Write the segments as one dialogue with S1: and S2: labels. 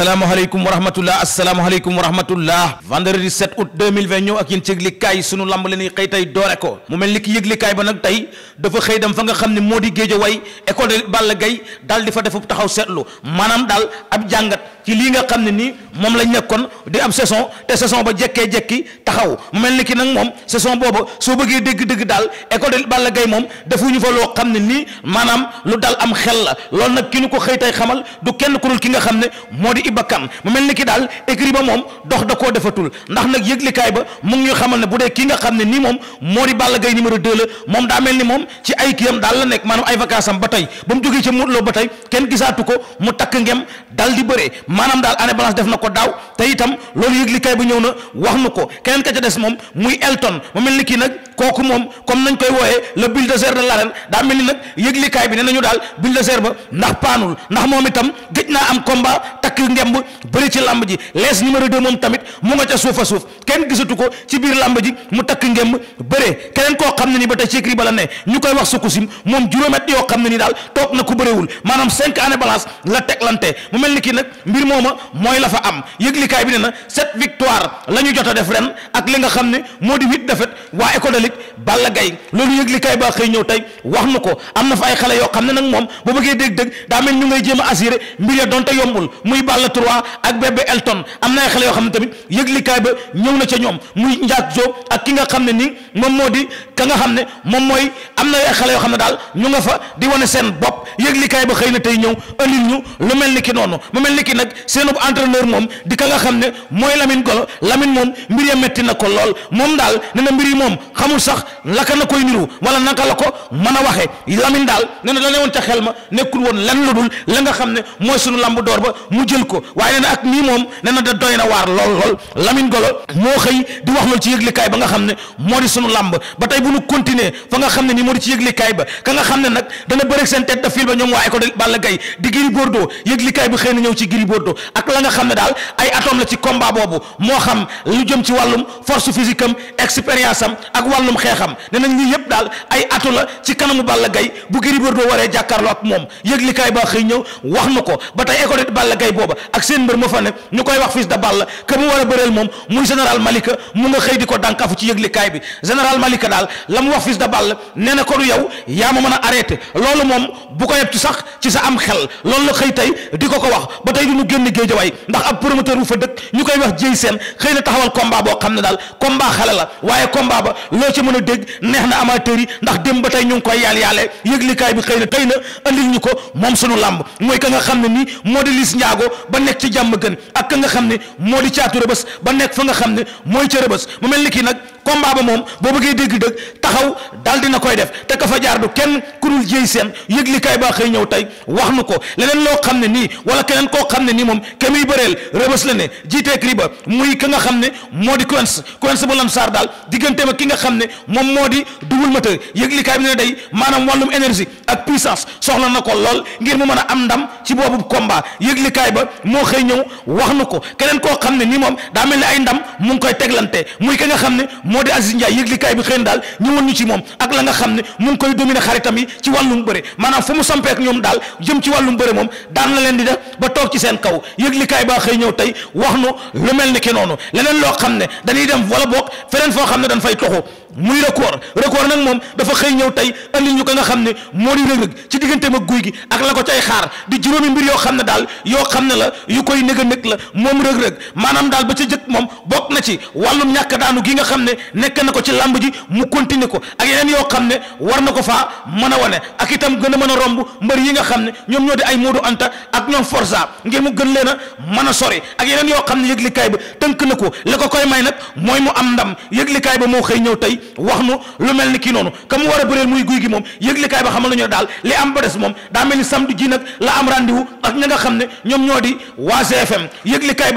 S1: asalaamaaleykum wa rahmatullah asalaamaaleykum wa rahmatullah vendredi 7 août 2020 ñëw ak yéen ci yëglikaay sunu lamb leen xëy tey doore ko mu mel ni ki yëglikaay ba nag tey dafa xëy dem fa nga xam ne moo di géejawaay école de Balla Gaye daal di fa def defu taxaw seetlu maanaam daal ab jàngat ci lii nga xam ne nii moom lañ nekkoon di am saison te saison ba jekkee jekki taxaw mel ni ki nag moom saison boobu soo bëggee dégg dëgg daal école de Balla Gaye moom defuñu fa loo xam ne nii maanaam lu dal am xel la loolu nag ki ñu ko xëy tey xamal kenn ku dul ki nga xam ne moo di Iba Kane mu mel ni ki daal écrit ba moom dox da koo defatul ndax nag yëglikaay ba mu ngi ñu xamal ne bu dee ki nga xam ne nii moom moo di Balla Gaye numéro 2 la moom daa mel ni moom ci ay kiyam daal la nekk maanaam ay vacances am ba tey ba mu jógee ci Modou Lo ba tey kenn gisaatu ko mu takk ngem dal di bëre maanaam daal année blanche def na ko daaw te itam loolu yëglikaay bu ñëw na wax nu ko keneen ka ca des moom muy Elton mu mel ni kii nag kooku moom comme nañ koy wooyee le bulldozer de l'arène daa mel ni nag yëglikaay bi ne nañu daal bulldozer ba ndax paanul ndax moom itam gëj naa am combat takk ngemb bëri ci lamb ji lees numéro 2 moom tamit mu nga ca suufa suuf kenn gisatu ko ci biir lamb ji mu takk ngemb bëri keneen koo xam ne ni ba tey ci écrit ba la ne ñu koy wax sukkusim moom juróomet yoo xam ne ni daal toog na ku bëriwul maanaam cinq année balance la teglante mu mel ni kii nag mbir mooma mooy la fa am yëglikaay bi ne na sept victoire la ñu jot a def ren ak li nga xam ne moo di huit défaites waa école de lutte Balla Gaye loolu yëglikaay ba xëy ñëw tey wax na ko am na fa ay xale yoo xam ne nag moom boo bëggee dégg-dégg daa mel ñu ngay jéem a assuré mbir ya donte yombul muy Balla 3 ak bébé Elton am na xale yoo xam ne tamit yëglikaay ba ñëw na ca ñoom muy Ndiak Diop ak ki nga xam ne nii moom moo di ka nga xam ne moom mooy am na ay xale yoo xam ne daal ñu nga fa di wane seen bopp yëglikaay ba xëy na tey ñëw andil ñu lu mel ni ki noonu mu mel ni ki nag seenub entraîneur moom di ka nga xam ne mooy Lamine Golo Lamine na ko yi moom xamul sax laka na koy niru wala naka la ko mën a waxee Lamine daal ne na la ne woon ca ma nekkul woon lan lu dul la nga xam ne mooy sunu lamb door ba mu jël ko waaye na ak nii moom na da doy na waar lool lool Lamine Golo moo xëy di wax loolu ci yëglikaay ba nga xam ne moo di sunu lamb ba tey bu nu continuer fa nga xam ne nii moo di ci yëglikaay ba ka nga xam ne nag dana bëre seen tête profil ba ñoom waa école Balla Gaye di Gris Bordeaux yëglikaay bi xëy na ñëw ci Gris Bordeaux ak la nga xam ne daal ay atome la ci combat boobu moo xam lu jëm ci wàllum force physique am expérience am ak ba xëy ñëw wax na ba tey école Balla ma fa ne ñu de Balla que mu war a bëreel moom muy général Malika mu nga xëy di ko dànkafu ci yëglikaay bi général Malika daal la mu wax fils de Balla nee na ko du yow yaa ma mën a arrêté loolu moom bu ko yeb ci sax ci sa am xel loolu na xëy tey di ko ko wax ba tey du mu génn géejawaay ndax ab promoteur bu fa dëkk ñu koy wax jéy seen xëy na taxawal combat boo xam ne daal combat xale la waaye combat ba loo ci mën a dégg neex na amateur yi ndax dem ba tey ñu ngi koy yaal yaale yëglikaay bi xëy na xëy na andil ñu ko moom sunu làmb mooy ka nga xam ne nii moo di Liss Ndiago ba nekk ci jàmm gën ak ka nga xam ne moo di caatu rëbës ba nekk fa nga xam ne mooy ca rëbës mu mel ni kii nag combat ba moom boo bëggee dégg-dëgg taxaw daal dina koy def te ka fa jaar du kenn ku dul jéy seen yëglikaay baa xëy ñëw tey wax nu ko leneen loo xam ne nii wala keneen koo xam ne nii moom ke muy bëreel rëbës la ne jiiteek riba muy ki nga xam ne moo di coins coins bu lamsaar daal digganteem ak ki nga xam ne moom moo di double moteur yëglikaay bi ne day maanaam wàllum énergie ak puissance soxla na ko lool ngir mu mën a am ndam ci boobu combat yëglikaay ba moo xëy ñëw wax nu ko keneen koo xam ne nii moom daa mel ni ay ndam mu ngi koy teglante muy ki nga xam ne moo di Aziz Ndiaye yëglikaay bi xëy na daal ñëwoon ñu ci moom ak la nga xam ne mu ngi koy dominer xaritam yi ci wàllum bëre maanaam fu mu sampee ak ñoom daal jëm ci wàllum bëre moom daan na leen di def ba toog ci seen kaw yëglikaay baa xëy ñëw tey wax nu lu mel ni ki noonu leneen loo xam ne dañuy dem wala boog feneen foo xam ne dañ fay toxu muy record record nag moom dafa xëy ñëw tey andil ñu ko nga xam ne moo di rëg-rëg ci diggante ma guy gi ak la ko cay xaar di juróomi mbir yoo xam ne daal yoo xam ne la yu koy nëg a nëg la moom rëg-rëg maanaam daal ba ca jëkk moom bokk na ci wàllum ñàkk daanu gi nga xam ne nekk na ko ci làmb ji mu continuer ko ak yeneen yoo xam ne war na ko faa mën a wane ak itam gën a mën a romb mbër yi nga xam ne ñoom ñoo di ay Modou Anta ak ñoom Forza ngir mu gën leen a mën a sori ak yeneen yoo xam ne yëglikaay ba tënk na ko la ko koy may nag mooy mu am ndam yëglikaay ba moo xëy ñëw tey wax nu lu mel ni kii noonu ka mu war a bëreel muy guy gi moom yëglikaay ba xamal nañu daal li am ba moom daa mel ni samedi ji nag la am rendez-vous ak ña nga xam ne ñoom ñoo di waa GFM yëglikaay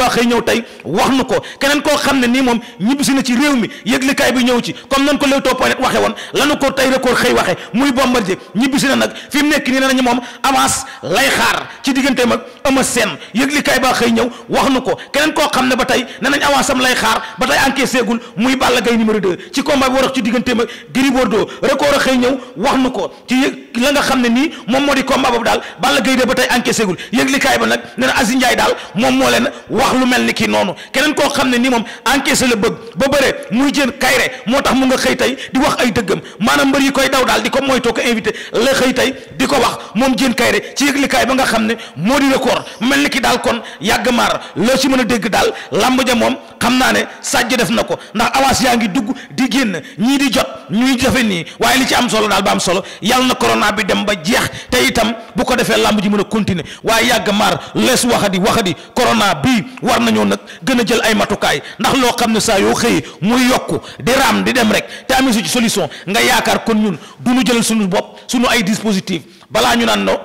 S1: na ci réew yëglikaay ko Leewtoo point net waxe woon lanu ko tey record xëy waxe muy mu nekk nii nee nañu moom avance lay xaar ci digganteem ak Eumeu Sène yëglikaay ba xëy ñëw wax nu ko keneen koo xam ne ba tey nee nañ avance am lay xaar ba tey encaissé gul muy Balla Gaye numéro 2 ci combat warax ci digganteem ma Gris Bordeaux record a xëy ñëw wax nu ko ci la nga xam ne nii moom moo di combat boobu daal Balla Gaye de ba tey encaissé gul yëglikaay ba nag nee na Aziz daal moom moo leen wax lu mel ni kii noonu keneen koo xam ne nii moom encaissé la bëgg ba bëre muy jën kayre moo tax mu nga xëy tey di wax ay dëggam maanaam mbër yi koy daw daal di ko moytoo ko invité la xëy tey di ko wax moom jën kayre ci yëglikaay ba nga xam ne moo di record mel ni ki daal kon yàgg maar loo ci mën a dégg daal lamb ja moom xam naa ne Sadio def na ko ndax avance yaa ngi dugg di génn ñii di jot ñuy defe nii waaye li ci am solo daal ba am solo yàlla na corona bi dem ba jeex te itam bu ko defee làmb ji mën a continuer waaye yàgg maar lees waxadi waxadi corona bii war nañoo nag gën a jël ay matukaay ndax loo xam ne saa yoo xëyee muy yokk di raam di dem rek te amee su ci solution nga yaakaar kon ñun du ñu jëlal suñu bopp suñu ay dispositif balaa ñu naan no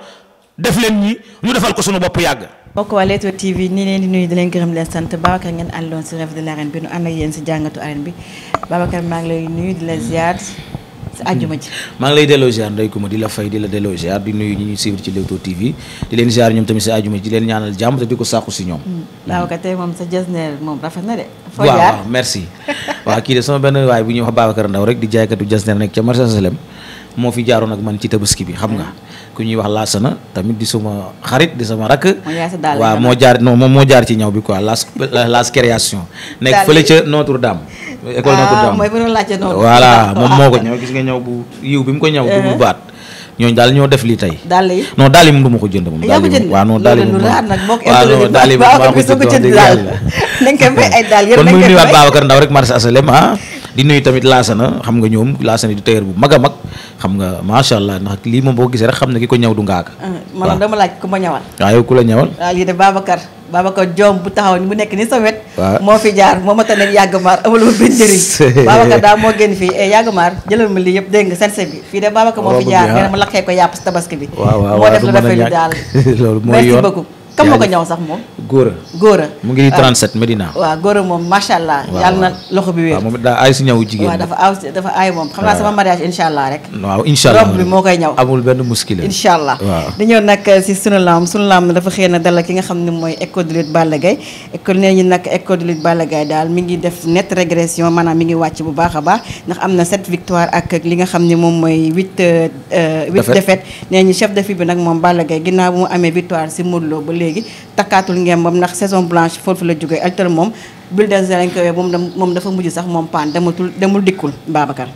S1: def leen ñi ñu defal ko suñu bopp yàgg
S2: mbokk waa Leewtoo TV ni leen di nuyu di leen gërëm leen sant Babacar ngeen àndoon si rêve de l'arène bi nu ànd ak yéen si jàngatu arène bi Babacar maa ngi lay nuyu di la maa
S1: ngi lay delloo ziar Ndeye Coumba di la fay di la delloo ziar di nuyu ñi ñuy suivre ci Leewtoo TV di leen ziar ñoom tamit si àjjuma ji di leen ñaanal jàmm te di ko sàqu si ñoom
S2: hmm. Babacar tey moom sa jasneer moom rafet na de foo jaar
S1: merci waaw kii de sama benn waay bu ñuy wax Babacar Ndaw rek di jaaykatu jasneer nekk ca Marché Salem moo fi jaaroon ak man ci tabaski bi xam nga hmm. ku ñuy wax laasana tamit di sama xarit di sama rakk.
S2: waaw moo jaar
S1: non moom moo jaar ci ñaw bi quoi laas laas création. nekk fële ca Notre Dame. école ah, Notre Dame
S2: mooy bu doon laajte noonu. voilà
S1: moom moo ko ñëw gis nga ñëw bu yiw bi mu ko ñëw. du mu eh. baat. ñooñu daal ñoo def lii tey. daal yi non daal yi moom du ma ko jënd moom. yaa ko jënd waaw non daal yi moom
S2: daal yi moom maa ko jënd daal la. nañ ko may daal yëpp nañ ko may kon muy nuyuwaat
S1: Ndaw rek marché HLM di nuyu tamit laasana xam nga ñoom laasana di tailleur bu mag a mag xam nga macha allah ndax lii moom boo gisee rek xam ne ki ko ñaw du ngaaga.
S2: Ah, waaw man dama laaj ku ma ñawal.
S1: waaw ku la ñawal.
S2: waaw lii de Babacar Babacar Diome bu taxaw bu nekk ni sa wet. waaw moo fi jaar moo ma tane yàgg maar amul ma benn njëriñ. Babacar daal moo génn fii eh, yàgg maar jëlal ma lii yëpp dégg nga sense bi fii de Babacar moo fi jaar nga ah. ne lakkee ko yàpp tabaski bi. waaw waaw waaw du
S1: mën a
S2: kan moo ko ñëw sax moom. Gora Gora. mu ngi 37 ah. Medina. waaw Gora moom macha allah. yàlla na loxo bi wér. dafa aay moom xam naa sama mariage incha allah rek.
S1: waaw incha allah robe benn muskile incha allah.
S2: Eh, dafa xëy na dalal ki nga xam ne mooy école de lutte Balla Gaye école nee ñu nag école de lutte Balla Gaye daal mi ngi def net régression maanaam mi ngi wàcc bu baax a baax ndax am na 7 victoire ak li nga xam ne moom mooy 8. 8 eh, eh, nee ñu chef de file bi léegi takkaatul ngembam ndax saison blanche foofu la jógee alter moom bulldozer lañ ko wee moom dafa mujj sax moom paan dematul demul dikkul Babacar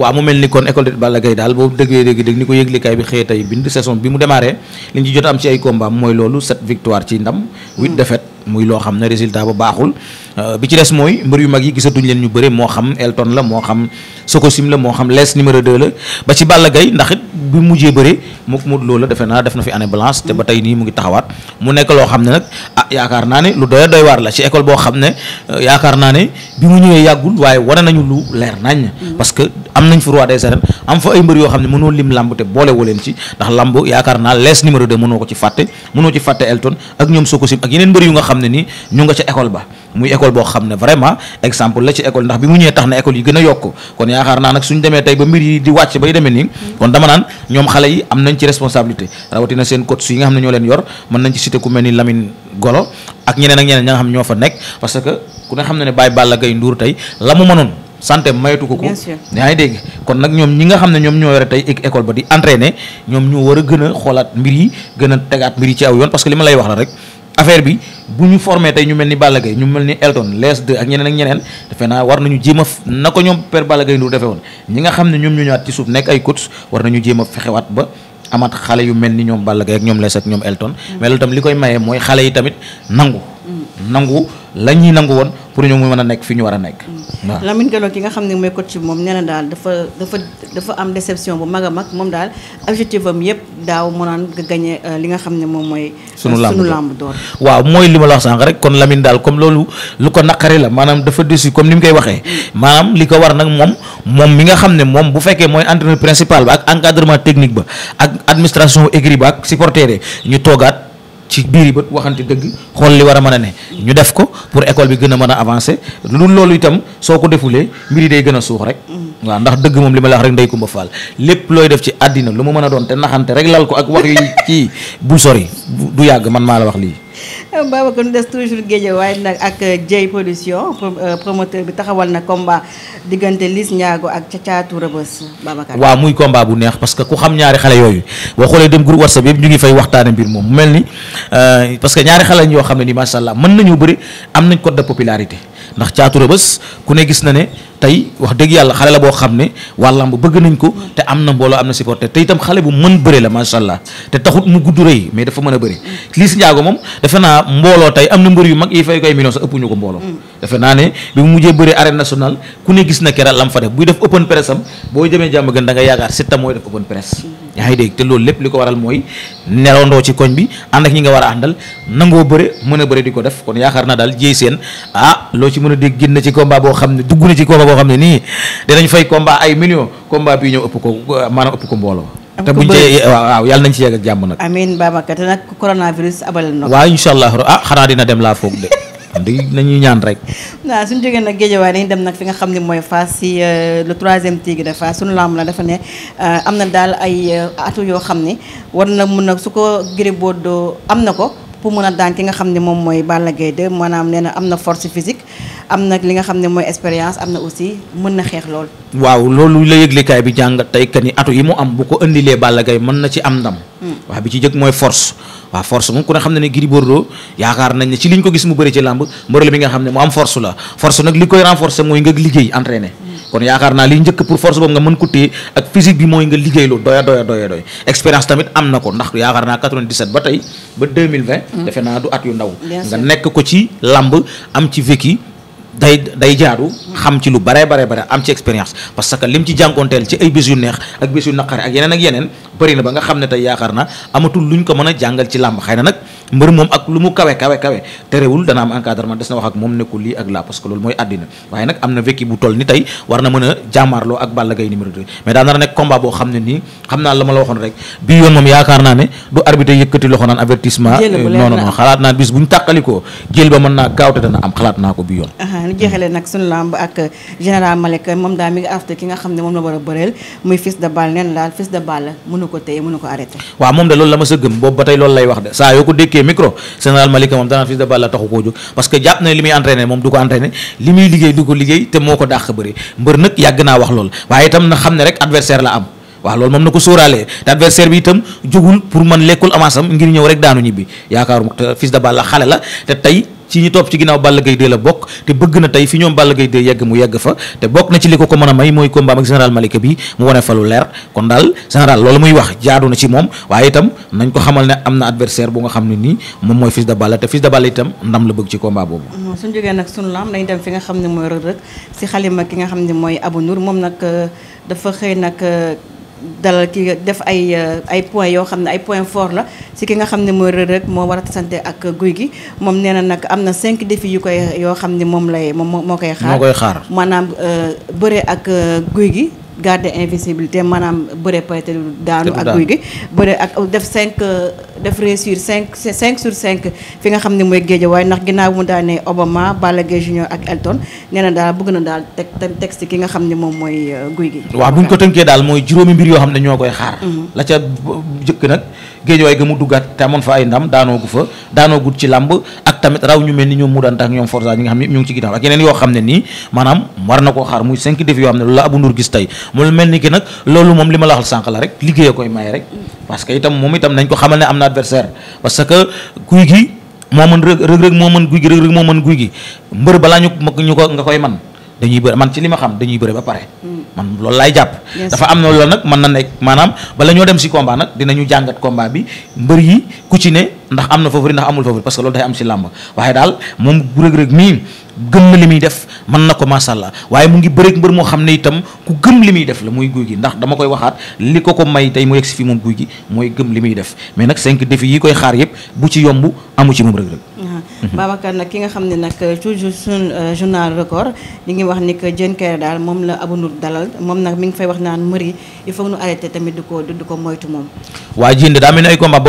S1: waaw mu mel ni kon école de Balla daal boobu dëggee dëgg dëgg ni ko yëglikaay bi xëy tey bind saison bi mu démarré li ñu jot am ci ay combat mooy loolu sept victoire ci ndam huit hmm. défaite muy loo xam ne résultat ba baaxul euh, bi ci des mooy mbër yu mag yi gisatuñ leen ñu bëre moo xam Elton la moo xam Sokosim la moo xam lees numéro 2 la ba Lo la defe naa def na fi année blanche te ba tey nii mu ngi taxawaat mu nekk loo xam ah, lu doy doy waar boo xam ne euh, yaakaar naa ne bi mu ñëwee yàggul waaye wane lu leer nañ mm-hmm. parce que am nañ fi roi des arènes am fa ay mbër yoo xam ne mënoo lim lamb te boole woo leen ci ko ci fàtte mënoo ci fàtte Elton ak ñoom Sokosim ak yeneen mbër yu nga xam ne ni ñu nga ca école ba muy école boo xam ne vraiment exemple la ci école ndax bi mu ñëwee tax na école yi gën a yokk kon yaakaar tey ba mbir yi di wàcc bay demee nii rawatina seen coach yi nga leen yor mën nañ ci ñoo fa nekk parce que ku ne xam ne ne yaa ngi dégg kon nag ñoom ñi nga xam ne ñoom ñoo yore tey école ba di entraîner ñoom ñu war a gën a xoolaat mbir yi gën a tegaat mbir yi ci aw yoon parce que li ma lay wax la rek affaire bi bu ñu formé tey ñu mel ni Balla Gaye ñu mel ni Elton les deux ak ñeneen ak ñeneen defe naa war nañu jéem a na ko ñoom père Balla Gaye Ndour defee woon ñi nga xam ne ñoom ñu ñëwaat ci suuf nekk ay coach war nañu jéem a fexewaat ba yu mel ni ñoom Balla Gaye ak ñoom les ak ñoom Elton mais loolu tam li koy maye mooy xale yi tamit nangu nangu la ñuy nangu woon pour ñoom mu mën a nekk fi ñu war a nekk
S2: waaw Lamine Gallo ki nga xam ne mooy coach bi moom nee na daal dafa dafa dafa am déception bu mag a mag moom daal objectif am yëpp daaw mu naan nga gagné euh, li nga xam ne moom mooy. Euh, sunu lamb door
S1: waaw mooy li ma la wax sànq rek kon Lamine daal comme loolu lu ko naqari la maanaam dafa déçu comme ni mu koy waxee maanaam li ko war nag moom moom mi nga xam ne moom bu fekkee mooy entraîneur principal ba ak encadrement technique ba ak administration écurie ba ak supporter ñu toogaat. ci yi bët waxante dëgg xool li war a mën a ne ñu def ko pour école bi gën a mën a avancé lu loolu itam soo ko defulee mbir yi day gën a suux rek mm-hmm. waa ndax dëgg moom li ma la wax rek ndey kumba faal lépp looy def ci àddina lu ma mën a doon te naxante rek lal ko ak wax yu kii bu sori du yàgg man maa la wax lii
S2: Eh, Babacar ñu des toujours géej waaye nag ak Dieye euh, production euh, promoteur bi taxawal na combat diggante Liss Ndiago ak Cacaatu Rëbës Babacar. waaw
S1: muy combat bu neex parce que ku xam ñaari xale yooyu boo xoolee dem groupe WhatsApp yëpp ñu ngi fay waxtaane mbir moom mu mel ni euh, parce que ñaari xale yoo xam ne ni macha allah mën nañoo bëri am nañ ko de popularité. ndax caatu rëbës ku ne gis na ne tey wax dëgg yàlla xale la boo xam ne waa làmb bëgg nañ ko te am na mbooloo am na supporter te itam xale bu mën bëre la macha allah te taxut mu gudd rey mais dafa mën a bëri lii si njaago moom defe naa mbooloo tey am na mbër yu mag yi fay koy million sax ëpp ñu ko mbooloo defe naa ne bi mu mujjee bëri arène nationale ku ne gis na kera lam fa def buy def open press am boo jëmee jàmm gën da nga yaakaar Siteu mooy def open press yaa ngi dégg te loolu lépp li ko waral mooy nerondoo ci koñ bi ànd ak ñi nga war a àndal nangoo bëre mën a bëre di ko def kon yaakaar na daal jéy seen ah loo ci mën a dégg génn ci combat boo xam ne dugg na ci combat boo xam ne nii dinañ fay combat ay millions combat bii ñëw ëpp ko maanaam ëpp ko mbooloo te bu cee waaw yàlla nañ ci yegg ak jàmm nag.
S2: amiin Babacar te nag coronavirus abal na.
S1: waaw incha allah ah xanaa dina dem laa foog de. dëgg nañuy ñaan rek.
S2: waaw suñu jógee nag géejewaay dañuy dem nag fi nga xam ne mooy Fass si euh, le troisième tigre de Fass suñu lamb la dafa ne euh, am na daal ay euh, atu yoo xam ne war na mun a su ko Gris Bordeaux am na ko pour mën a daan ki nga xam ne moom mooy Balla gay de maanaam nee na am na force physique am na li nga xam ne mooy expérience am na aussi mën na xeex lool.
S1: waaw loolu la yëglekaay bi jàngat tey que ni atu yi mu am bu ko indilee Balla Gaye mën na ci am ndam. waaw bi ci jëkk mooy force waaw force moom ku ne xam ne ne yaakaar nañ ne ci liñ ko gis mu bëri ci làmb mbër mi nga xam ne mu am force la force nag li koy renforcer mooy nga liggéey entraîner kon yaakaar naa li njëkk pour force boobu nga mën ko ak physique bi mooy nga liggéey lu doya doya doya expérience tamit am na ko ndax yaakaar naa 97 ba tey ba mm. defe naa du at yu ndaw nga nekk ko ci làmb am ci vécu day day jaadu xam ci lu bare bare bare am ci expérience parce que lim ci jànkoonteel ci ay bis yu neex ak bis yu naqare ak yeneen ak yeneen bëri na ba nga xam ne tey yaakaar na amatul lu ñu ko mën a jàngal ci làmb xëy na nag mbër moom ak lu mu kawe kawe kawe terewul dana am encadrement des na wax ak moom nekkul lii ak laa parce loolu mooy àddina waaye nag am na vécu bu toll ni tey war na mën a jàmmaarloo ak ma euh, dana am xalaat naa ko bii
S2: yoon moom daa mi ngi after ki nga xam ne moom la war a bëreel muy fils de balle neen daal fils de balle mënu ko téye mënu ko arrêté
S1: waaw moom de loolu la ma sa boobu ba tey loolu lay wax de saa yoo ko dékkee téye micro général Malika moom danaan fils de Balla taxu koo jóg parce que jàpp na li muy entraîné moom du ko entraîné li muy liggéey du ko liggéey te moo ko dàq bëri mbër nag yàgg naa wax loolu waaye itam na xam ne rek adversaire la am waaw loolu moom na ko sóoraalee te adversaire bi itam jógul pour man lekkul avance ngir ñëw rek daanu ñibbi yaakaaruma te fils de Balla xale la te tey ci ñi topp ci ginnaaw Balla Gaye 2 la bokk te bëgg na tey fi ñoom Balla Gaye yegg mu yegg fa te bokk na ci li ko ko mën a may mooy combat ak général Malika bi mu wane fa leer kon daal général loolu muy wax jaadu na ci moom waaye itam nañ ko xamal ne am na adversaire bu nga xam ne nii moom mooy Fils de Balla te Fils de Balla itam ndam la bëgg ci combat boobu
S2: suñ jógee nag sunu lam dañ dem fi nga xam ne mooy Reug Reug si xalima ki nga xam ne dalal ki def ay euh, ay points yoo xam ne ay points forts la si ki nga xam ne mooy Reug Reug moo war a tasante ak guy gi moom nee na am na cinq défis yu koy yoo xam ne moom lay moom moo koy xaar moo koy xaar maanaam euh, bëre ak euh, guy gi garder invincibilité maanaam bëre peut daanu ak guy gi bëre ak def cinq def réussir 5 5 sur 5 fi nga xam ne mooy Guédiawaye ndax ginnaaw mu daanee Obama Balla Gaye junior ak Elton nee daal bëgg na daal teg texte ki nga xam ne moom mooy euh, guy gi. waaw bu ñu
S1: ko tënkee daal mooy juróomi mbir yoo xam ne ñoo koy xaar. Mhm. la ca jëkk nag Guédiawaye ga fa ay ndam daanoo gu fa daanoo gut ci làmb ak tamit raw ñu ni ñoom mu daan tax ñoom Forza ñi nga xam ne ñu ngi ci ginnaaw ak yeneen yoo xam ne nii maanaam war na koo xaar muy 5 défis yoo xam ne loolu la Abou Ndour gis tey mu mel ni ki nag loolu moom li ma la waxal sànq rek liggéey mhm. ko xamal ne am na adversaire parce que guy gi moo mën rëg rëg moo mën guy gi rëg rëg moo mën guy gi mbër balaa ñu ñu ko nga koy man dañuy bëri man ci li xam dañuy bëri ba pare mm. man loolu laay jàpp dafa am na loolu nag man na nekk maanaam bala ñoo dem si combat nag dinañu jàngat combat bi mbër yi ku ci ne ndax am na favori ndax amul favori parce que loolu day am si làmb waaye daal moom Reug Reug mii gëm na li muy def mën na ko masha Allah waaye mu ngi bëreeg mbër moo xam ne itam ku gëm li muy def la muy guy gi ndax dama koy waxaat li ko ko may tey mu yegg si fi moom guy gi mooy gëm li muy def mais nag cinq défis yi koy xaar yëpp bu ci yomb amu ci moom Reug Reug Mhm.
S2: Babacar nag ki nga xam ne nag euh, euh, journal record ñu ngi wax ni que Diène Kairé daal moom la Abou Ndour dalal moom nag mi ngi fay wax naan mëri il faut nu arrêté tamit du ko du ko moytu moom
S1: waa Diène daa mel ni ay combat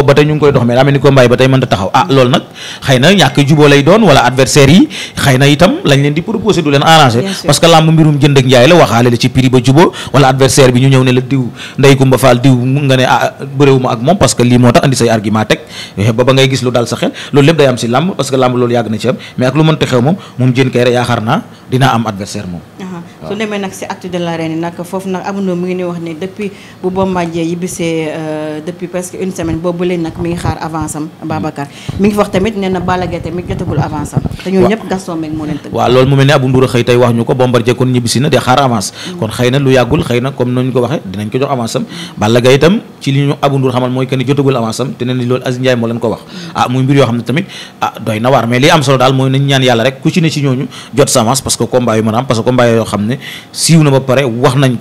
S1: ah, mbirum jënd njaay la waxaale la ci prix ba juboo wala adversaire bi ñu ñëw ne la diw ndey kumba faal diw nga ne ah bëréewuma ak moom parce lii moo tax andi say argument teg eh, ba ba ngay gis lu dal sa xel loolu lépp day am si làmb lamb loolu yàgg na ci am mais ak lu mënta xew moom moom jën kay yaakaar naa dina am adversaire moom
S2: ah. Ah. su demee nag si acte de l'arène yi nag foofu nag amandoo mi ngi ñuy wax ne depuis bu Bombardier yi bisee euh, depuis presque une semaine boobu leen nag mi ngi xaar avance am Babacar hmm. mi ngi wax tamit nee ni loolu
S1: Aziz moo leen ko wax hmm. ah muy mbir yoo xam ne tamit ah doy na waar mais li am solo daal mooy nañ ñaan yàlla rek ku ci ne ci ñooñu jot sa avance parce que combat yu mën parce que combat yoo xam ne siiw na ba pare wax nañ ko